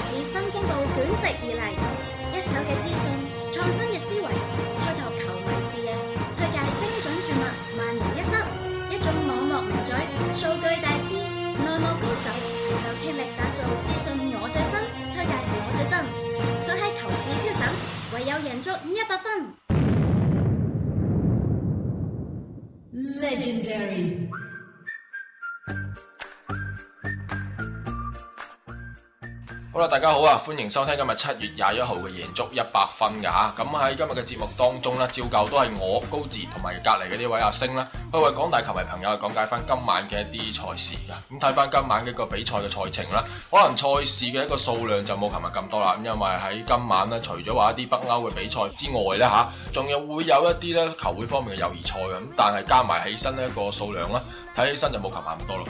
是新公布捲席而嚟，一手嘅資訊，創新嘅思維，開拓球迷視野，推介精準注物，萬無一失。一種網絡名嘴，數據大師，內幕高手，攜手傾力打造資訊我最新，推介我最真，想喺球市超神，唯有贏足一百分。Legendary。好，大家好啊！歡迎收聽今日七月廿一號嘅贏足一百分噶吓、啊。咁、嗯、喺今日嘅節目當中咧，照舊都係我高志同埋隔籬嘅呢位阿星啦，去為廣大球迷朋友去講解翻今晚嘅一啲賽事噶。咁睇翻今晚嘅一個比賽嘅賽程啦，可能賽事嘅一個數量就冇琴日咁多啦。咁因為喺今晚咧，除咗話一啲北歐嘅比賽之外咧吓，仲又會有一啲咧球會方面嘅友誼賽咁。但係加埋起身咧一個數量啦，睇起身就冇琴日咁多咯。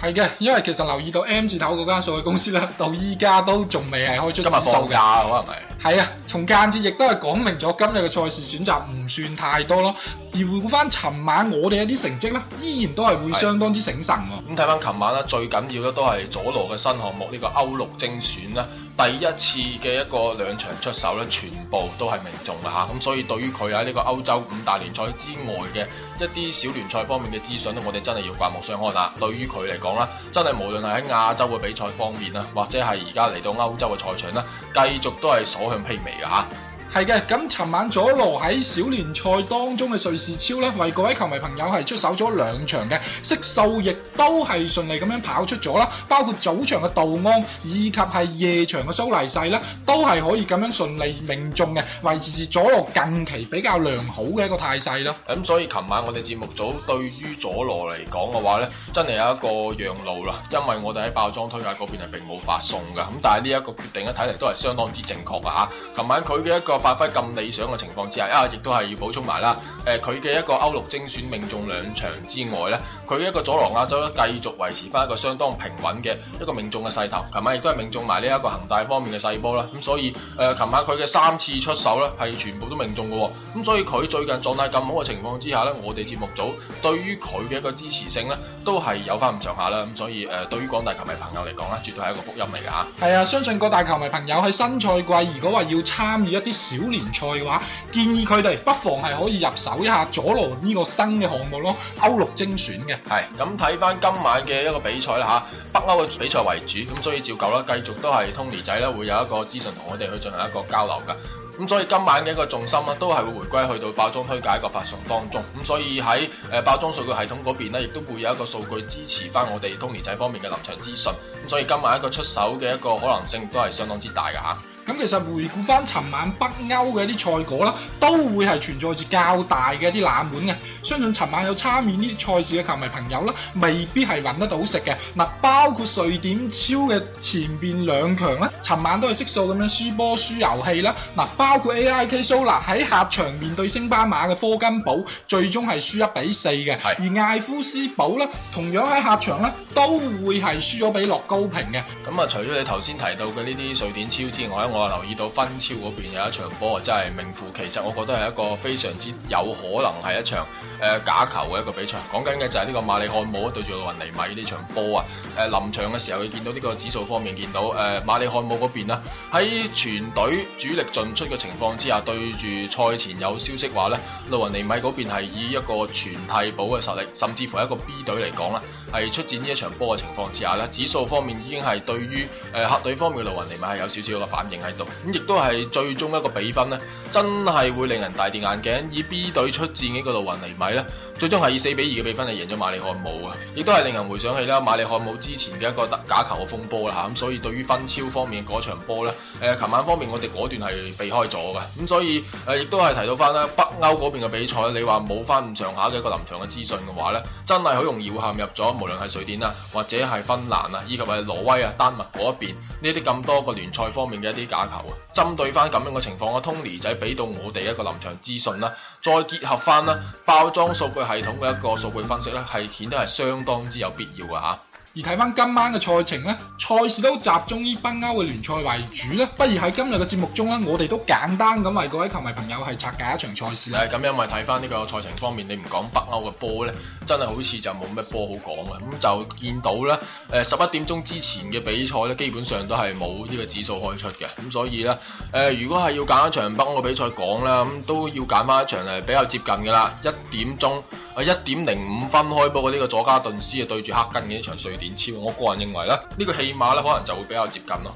係嘅，因為其實留意到 M 字頭嗰間數據公司啦，到依家都仲未係開出數，今日放假啊，可能係？係啊，從間接亦都係講明咗今日嘅賽事選擇唔算太多咯，而回顧翻尋晚我哋一啲成績咧，依然都係會相當之醒神。咁睇翻尋晚啦，最緊要咧都係佐羅嘅新項目呢、呢個歐陸精選啦。第一次嘅一個兩場出手咧，全部都係命中嘅吓，咁所以對於佢喺呢個歐洲五大聯賽之外嘅一啲小聯賽方面嘅資訊咧，我哋真係要刮目相看啦。對於佢嚟講啦，真係無論係喺亞洲嘅比賽方面啦或者係而家嚟到歐洲嘅賽場啦，繼續都係所向披靡嘅吓。係嘅，咁尋晚佐羅喺小聯賽當中嘅瑞士超咧，為各位球迷朋友係出手咗兩場嘅，色素亦都係順利咁樣跑出咗啦，包括早場嘅道安以及係夜場嘅蘇黎世啦，都係可以咁樣順利命中嘅，維持住佐羅近期比較良好嘅一個態勢啦。咁所以琴晚我哋節目組對於佐羅嚟講嘅話咧，真係有一個讓路啦，因為我哋喺爆莊推介嗰邊係並冇發送嘅，咁但係呢一個決定咧，睇嚟都係相當之正確嘅吓。琴晚佢嘅一個。發揮咁理想嘅情況之下，啊，亦都係要補充埋啦。誒，呃，佢嘅一個歐陸精選命中兩場之外咧。佢一個佐羅亞洲繼續維持翻一個相當平穩嘅一個命中嘅勢頭，琴晚亦都係命中埋呢一個恒大方面嘅勢波啦。咁所以誒，琴晚佢嘅三次出手咧係全部都命中嘅。咁所以佢最近狀態咁好嘅情況之下咧，我哋節目組對於佢嘅一個支持性咧都係有翻咁上下啦。咁所以誒，對於廣大球迷朋友嚟講咧，絕對係一個福音嚟㗎嚇。係啊，相信各大球迷朋友喺新賽季，如果話要參與一啲小聯賽嘅話，建議佢哋不妨係可以入手一下佐羅呢個新嘅項目咯，歐陸精選嘅。係咁睇翻今晚嘅一個比賽啦吓，北歐嘅比賽為主，咁所以照舊啦，繼續都係 Tony 仔咧會有一個資訊同我哋去進行一個交流噶，咁所以今晚嘅一個重心啊，都係會回歸去到爆莊推介一個發送當中，咁所以喺誒爆莊數據系統嗰邊咧，亦都會有一個數據支持翻我哋 Tony 仔方面嘅臨場資訊，咁所以今晚一個出手嘅一個可能性都係相當之大噶吓。咁其實回顧翻尋晚北歐嘅一啲賽果啦，都會係存在住較大嘅一啲冷門嘅。相信尋晚有參面呢啲賽事嘅球迷朋友啦，未必係揾得到食嘅。嗱，包括瑞典超嘅前面兩強啦，尋晚都係悉數咁樣輸波輸遊戲啦。嗱，包括 A I K Solna 喺客場面對星巴馬嘅科根堡，最終係輸一比四嘅。是而艾夫斯堡咧，同樣喺客場咧，都會係輸咗比洛高平嘅。咁啊，除咗你頭先提到嘅呢啲瑞典超之外，我留意到分超嗰邊有一場波啊，真係名副其實，我覺得係一個非常之有可能係一場誒假球嘅一個比賽。講緊嘅就係呢個馬里漢姆對住路雲尼米呢場波啊。誒臨場嘅時候，你見到呢個指數方面見到誒、呃、馬里漢姆嗰邊啦，喺全隊主力進出嘅情況之下，對住賽前有消息話呢，路雲尼米嗰邊係以一個全替補嘅實力，甚至乎係一個 B 隊嚟講啦。係出戰呢一場波嘅情況之下咧，指數方面已經係對於誒、呃、客隊方面嘅路雲尼米係有少少嘅反應喺度，咁亦都係最終一個比分咧，真係會令人大跌眼鏡，以 B 隊出戰呢個路雲尼米咧。最終係以四比二嘅比分係贏咗馬里漢姆啊！亦都係令人回想起啦馬里漢姆之前嘅一個假球嘅風波啦，咁所以對於分超方面嗰場波咧，誒琴晚方面我哋果斷係避開咗嘅，咁所以誒亦都係提到翻啦北歐嗰邊嘅比賽，你話冇翻咁上下嘅一個臨場嘅資訊嘅話咧，真係好容易會陷入咗，無論係瑞典啊，或者係芬蘭啊，以及係挪威啊、丹麥嗰邊呢啲咁多個聯賽方面嘅一啲假球啊！針對翻咁樣嘅情況，Tony 仔俾到我哋一個臨場資訊啦。再結合翻啦，包裝數據系統嘅一個數據分析咧，係顯得係相當之有必要嘅吓。而睇翻今晚嘅賽程呢，賽事都集中於北歐嘅聯賽為主呢，不如喺今日嘅節目中呢，我哋都簡單咁為各位球迷朋友係拆解一場賽事咁，因為睇翻呢個賽程方面，你唔講北歐嘅波呢，真係好似就冇咩波好講嘅。咁就見到呢，誒，十一點鐘之前嘅比賽呢，基本上都係冇呢個指數開出嘅。咁所以呢，呃，如果係要揀一場北歐嘅比賽講啦，咁都要揀翻一場係比較接近嘅啦，一點鐘。啊，一點零五分開波嘅呢個佐加頓斯啊，對住黑根嘅呢場瑞典超，我個人認為咧，呢、呢個戲碼咧可能就會比較接近咯。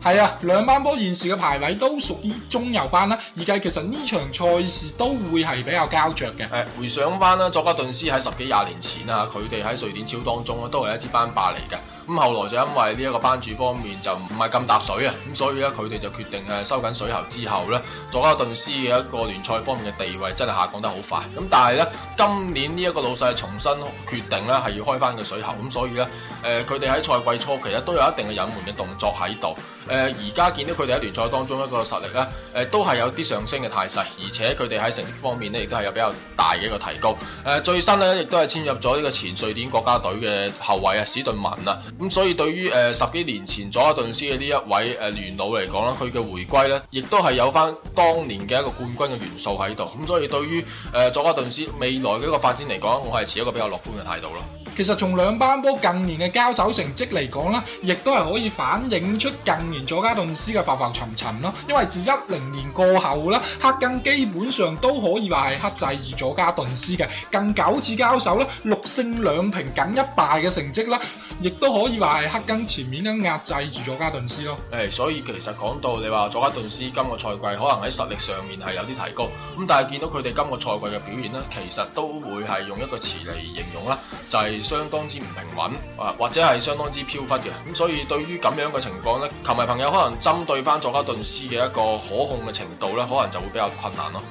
係啊，兩班波現時嘅排位都屬於中游班啦，而家其實呢場賽事都會係比較膠着嘅。誒，回想翻啦，佐加頓斯喺十幾廿年前啊，佢哋喺瑞典超當中都係一支班霸嚟嘅。咁後來就因為呢一個班主方面就唔係咁搭水啊，咁所以咧佢哋就決定收緊水喉之後咧，佐加頓斯嘅一個聯賽方面嘅地位真係下降得好快。咁但係咧今年呢一個老細重新決定咧係要開翻個水喉，咁所以咧佢哋喺賽季初期咧都有一定嘅隱瞞嘅動作喺度。而家見到佢哋喺聯賽當中一個實力咧、呃，都係有啲上升嘅態勢，而且佢哋喺成績方面咧亦都係有比較大嘅一個提高。呃、最新咧亦都係簽入咗呢個前瑞典國家隊嘅後衛啊史頓文啊。咁所以對於誒十幾年前佐加頓斯嘅呢一位誒元老嚟講啦，佢嘅回歸咧，亦都係有返當年嘅一個冠軍嘅元素喺度。咁所以對於誒佐加頓斯未來嘅一個發展嚟講，我係持一個比較樂觀嘅態度咯。其實從兩班波近年嘅交手成績嚟講啦，亦都係可以反映出近年佐加頓斯嘅浮浮沉沉咯。因為自一零年過後啦，黑更基本上都可以話係克制住佐加頓斯嘅，近九次交手咧六勝兩平僅一敗嘅成績啦，亦都可以。以為係黑根前面咧壓制住佐加頓斯咯，誒，所以其實講到你話佐加頓斯今個賽季可能喺實力上面係有啲提高，咁但係見到佢哋今個賽季嘅表現咧，其實都會係用一個詞嚟形容啦，就係、是、相當之唔平穩啊，或者係相當之飄忽嘅，咁所以對於咁樣嘅情況咧，球迷朋友可能針對翻佐加頓斯嘅一個可控嘅程度咧，可能就會比較困難咯。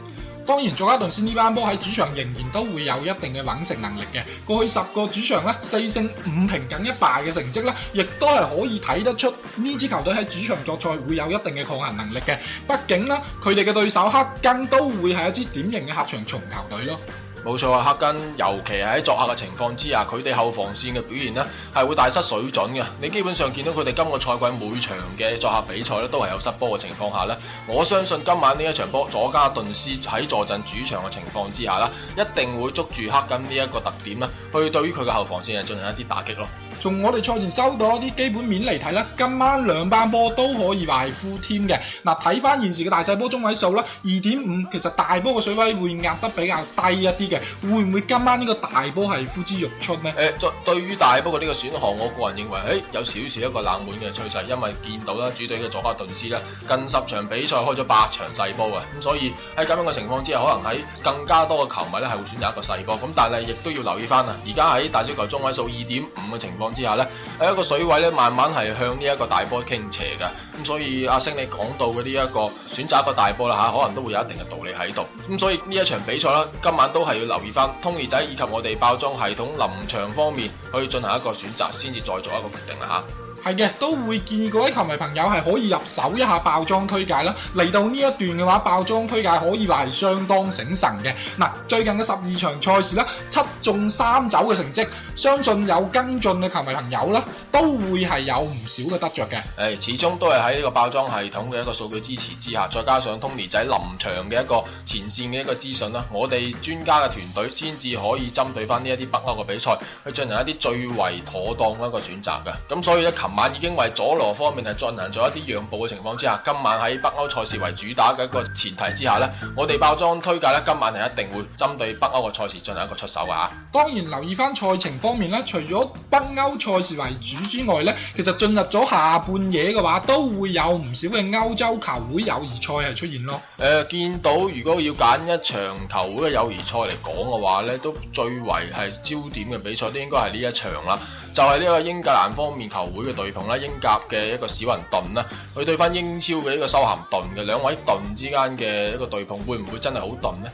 當然，祖加頓斯呢班波喺主場仍然都，有都會有一定嘅穩成能力嘅。過去十個主場咧，四勝五平僅一敗嘅成績咧，亦都係可以睇得出呢支球隊喺主場作賽會有一定嘅抗衡能力嘅。畢竟咧，佢哋嘅對手黑更都會係一支典型嘅客場重球隊咯。冇錯啊，黑根尤其係喺作客嘅情況之下，佢哋後防線嘅表現咧係會大失水準嘅。你基本上見到佢哋今個賽季每場嘅作客比賽咧都係有失波嘅情況下咧，我相信今晚呢一場波佐加頓斯喺坐鎮主場嘅情況之下，一定會捉住黑根呢一個特點，去對於佢嘅後防線係進行一啲打擊咯。從我哋賽前收到一啲基本面嚟睇啦，今晚兩班波都可以埋負添嘅。嗱，睇翻現時嘅大細波中位數啦，二點五其實大波嘅水位會壓得比較低一啲嘅，會唔會今晚呢個大波係呼之欲出呢？誒、哎，作對於大波嘅呢個選項，我個人認為，誒、哎、有少少一個冷門嘅趨勢，因為見到啦主隊嘅佐加頓斯啦，近十場比賽開咗八場細波啊，咁所以喺咁樣嘅情況之下，可能喺更加多嘅球迷咧係會選擇一個細波。咁但係亦都要留意翻啊，而家喺大小球中位數二點五嘅情況，之下咧，喺一個水位咧，慢慢係向呢一個大波傾斜嘅，咁所以阿、啊、星你講到嘅呢一個選擇一個大波啦吓、啊，可能都會有一定嘅道理喺度，咁所以呢一場比賽啦，今晚都係要留意翻通兒仔以及我哋爆莊系統臨場方面去進行一個選擇，先至再做一個決定啦。啊係嘅，都會建議各位球迷朋友係可以入手一下爆莊推介啦。嚟到呢一段嘅話，爆莊推介可以話係相當醒神嘅。嗱，最近嘅十二場賽事咧，七中三走嘅成績，相信有跟進嘅球迷朋友啦，都會係有唔少嘅得着嘅。誒、哎，始終都係喺呢個爆莊系統嘅一個數據支持之下，再加上 Tony 仔臨場嘅一個前線嘅一個資訊啦，我哋專家嘅團隊先至可以針對翻呢一啲北歐嘅比賽，去進行一啲最為妥當嘅一個選擇嘅。咁所以咧，琴晚已經為佐羅方面係進行咗一啲讓步嘅情況之下，今晚喺北歐賽事為主打嘅一個前提之下呢，我哋包裝推介咧，今晚係一定會針對北歐嘅賽事進行一個出手嘅嚇。當然留意翻賽程方面呢，除咗北歐賽事為主之外呢，其實進入咗下半夜嘅話，都會有唔少嘅歐洲球會友誼賽係出現咯。誒、呃，見到如果要揀一場球會嘅友誼賽嚟講嘅話呢，都最為係焦點嘅比賽，都應該係呢一場啦。就係呢一個英格蘭方面球會嘅對碰啦，英甲嘅一個史雲頓啦，佢對翻英超嘅一個修咸頓嘅兩位頓之間嘅一個對碰，會唔會真係好頓呢？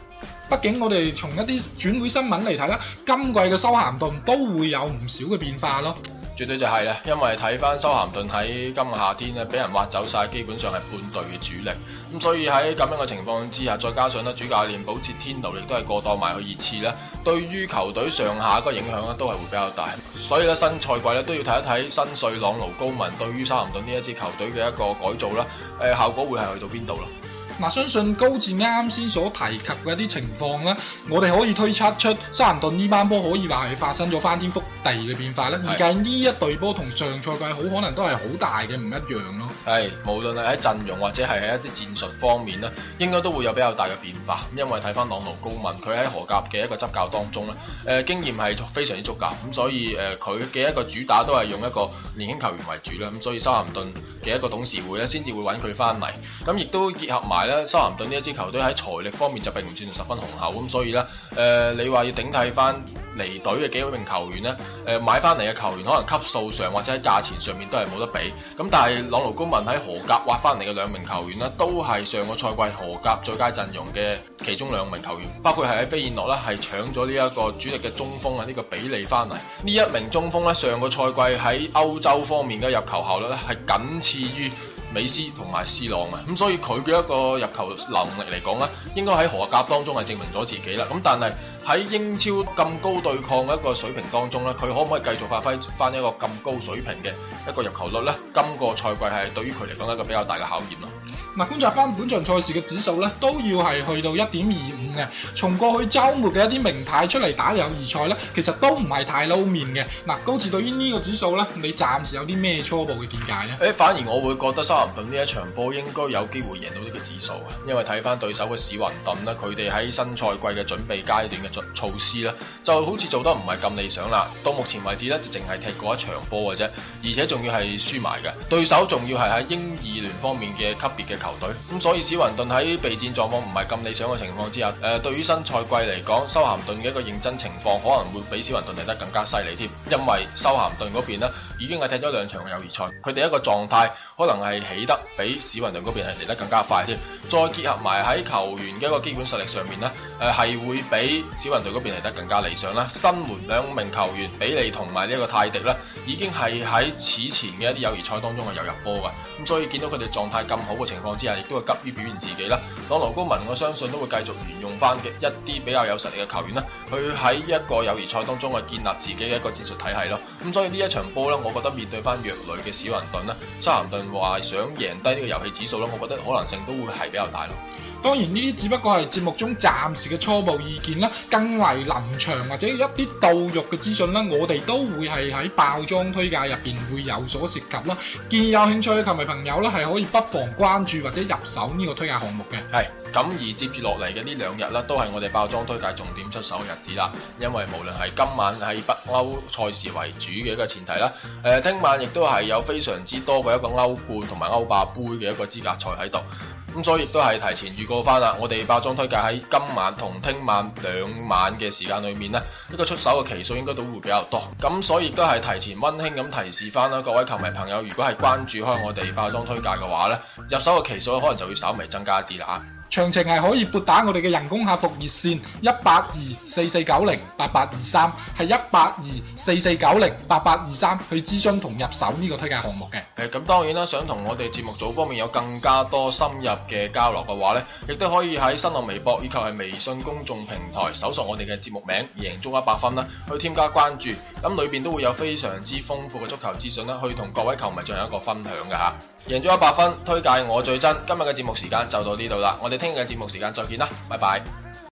畢竟我哋從一啲轉會新聞嚟睇啦，今季嘅修咸頓都會有唔少嘅變化咯。絕對就係啦，因為睇翻修咸頓喺今個夏天咧，俾人挖走晒，基本上係半隊嘅主力。咁所以喺咁樣嘅情況之下，再加上咧主教練保捷天奴亦都係過檔埋去熱刺咧，對於球隊上下個影響咧都係會比較大。所以咧新賽季咧都要睇一睇新帥朗奴高文對於修咸頓呢一支球隊嘅一個改造啦，誒效果會係去到邊度啦？嗱，相信高志啱先所提及嘅一啲情況咧，我哋可以推測出修咸頓呢班波可以話係發生咗翻天覆地嘅變化咧，的而家呢一隊波同上賽季好可能都係好大嘅唔一樣咯。係，無論係喺陣容或者係喺一啲戰術方面咧，應該都會有比較大嘅變化，因為睇翻朗奴高文，佢喺荷甲嘅一個執教當中咧，誒經驗係非常之足夠，咁所以誒佢嘅一個主打都係用一個年輕球員為主啦，咁所以修咸頓嘅一個董事會咧先至會揾佢翻嚟，咁亦都結合埋。咧，修咸頓呢一支球隊喺財力方面就並唔算十分雄厚，咁所以咧，誒、呃，你話要頂替翻離隊嘅幾名球員咧，誒、呃，買翻嚟嘅球員可能級數上或者喺價錢上面都係冇得比，咁但係朗奴高文喺荷甲挖翻嚟嘅兩名球員咧，都係上個賽季荷甲最佳陣容嘅其中兩名球員，包括係喺飛燕諾啦，係搶咗呢一個主力嘅中鋒啊，呢、這個比利翻嚟，呢一名中鋒咧，上個賽季喺歐洲方面嘅入球效率咧，係僅次於。美斯同埋斯朗啊，咁所以佢嘅一個入球能力嚟講咧，應該喺荷甲當中係證明咗自己啦。咁但係。喺英超咁高對抗嘅一個水平當中咧，佢可唔可以繼續發揮翻一個咁高水平嘅一個入球率呢？今個賽季係對於佢嚟講一個比較大嘅考驗咯。嗱，觀察翻本場賽事嘅指數咧，都要係去到一點二五嘅。從過去週末嘅一啲名牌出嚟打友誼賽咧，其實都唔係太撈面嘅。嗱，高志對於呢個指數咧，你暫時有啲咩初步嘅見解呢？誒、欸，反而我會覺得沙林頓呢一場波應該有機會贏到呢個指數啊，因為睇翻對手嘅史雲頓啦，佢哋喺新賽季嘅準備階段嘅。措施啦，就好似做得唔係咁理想啦。到目前為止咧，就淨係踢過一場波嘅啫，而且仲要係輸埋嘅。對手仲要係喺英二聯方面嘅級別嘅球隊。咁所以史雲頓喺備戰狀況唔係咁理想嘅情況之下，誒、呃，對於新賽季嚟講，修咸頓嘅一個認真情況可能會比史雲頓嚟得更加犀利添。因為修咸頓嗰邊咧已經係踢咗兩場友誼賽，佢哋一個狀態。可能係起得比史雲頓嗰邊係嚟得更加快啲，再結合埋喺球員嘅一個基本實力上面咧，誒係會比史雲頓嗰邊嚟得更加理想啦。新援兩名球員比利同埋呢個泰迪咧，已經係喺此前嘅一啲友誼賽當中係有入波㗎，咁所以見到佢哋狀態咁好嘅情況之下，亦都係急於表現自己啦。朗奴高文我相信都會繼續沿用翻嘅一啲比較有實力嘅球員啦，去喺一個友誼賽當中係建立自己嘅一個戰術體系咯。咁所以呢一場波咧，我覺得面對翻弱旅嘅史雲頓啦。沙咸話想贏低呢個遊戲指數咯，我覺得可能性都會係比較大咯。當然呢啲只不過係節目中暫時嘅初步意見啦，更為臨場或者一啲到肉嘅資訊啦，我哋都會係喺爆莊推介入邊會有所涉及啦。建議有興趣嘅球迷朋友啦，係可以不妨關注或者入手呢個推介項目嘅。係咁而接住落嚟嘅呢兩日啦，都係我哋爆莊推介重點出手嘅日子啦。因為無論係今晚係北歐賽事為主嘅一個前提啦，誒、呃、聽晚亦都係有非常之多嘅一個歐冠同埋歐霸杯嘅一個資格賽喺度。咁所以亦都係提前預告翻啦，我哋化妝推介喺今晚同聽晚兩晚嘅時間裏面呢，一個出手嘅期數應該都會比較多。咁所以都係提前溫馨咁提示翻啦，各位球迷朋友，如果係關注開我哋化妝推介嘅話咧，入手嘅期數可能就會稍微增加啲啦。詳情係可以撥打我哋嘅人工客服熱線一八二四四九零八八二三，係一八二四四九零八八二三去諮詢同入手呢個推介項目嘅。誒、嗯、咁、嗯、當然啦，想同我哋節目組方面有更加多深入嘅交流嘅話呢，亦都可以喺新浪微博以及係微信公眾平台搜索我哋嘅節目名贏足一百分啦，去添加關注，咁、嗯、裏邊都會有非常之豐富嘅足球資訊啦，去同各位球迷進行一個分享㗎。吓。贏足一百分，推介我最真。今日嘅節目時間就到呢度啦，我哋聽日嘅節目時間再見啦，拜拜。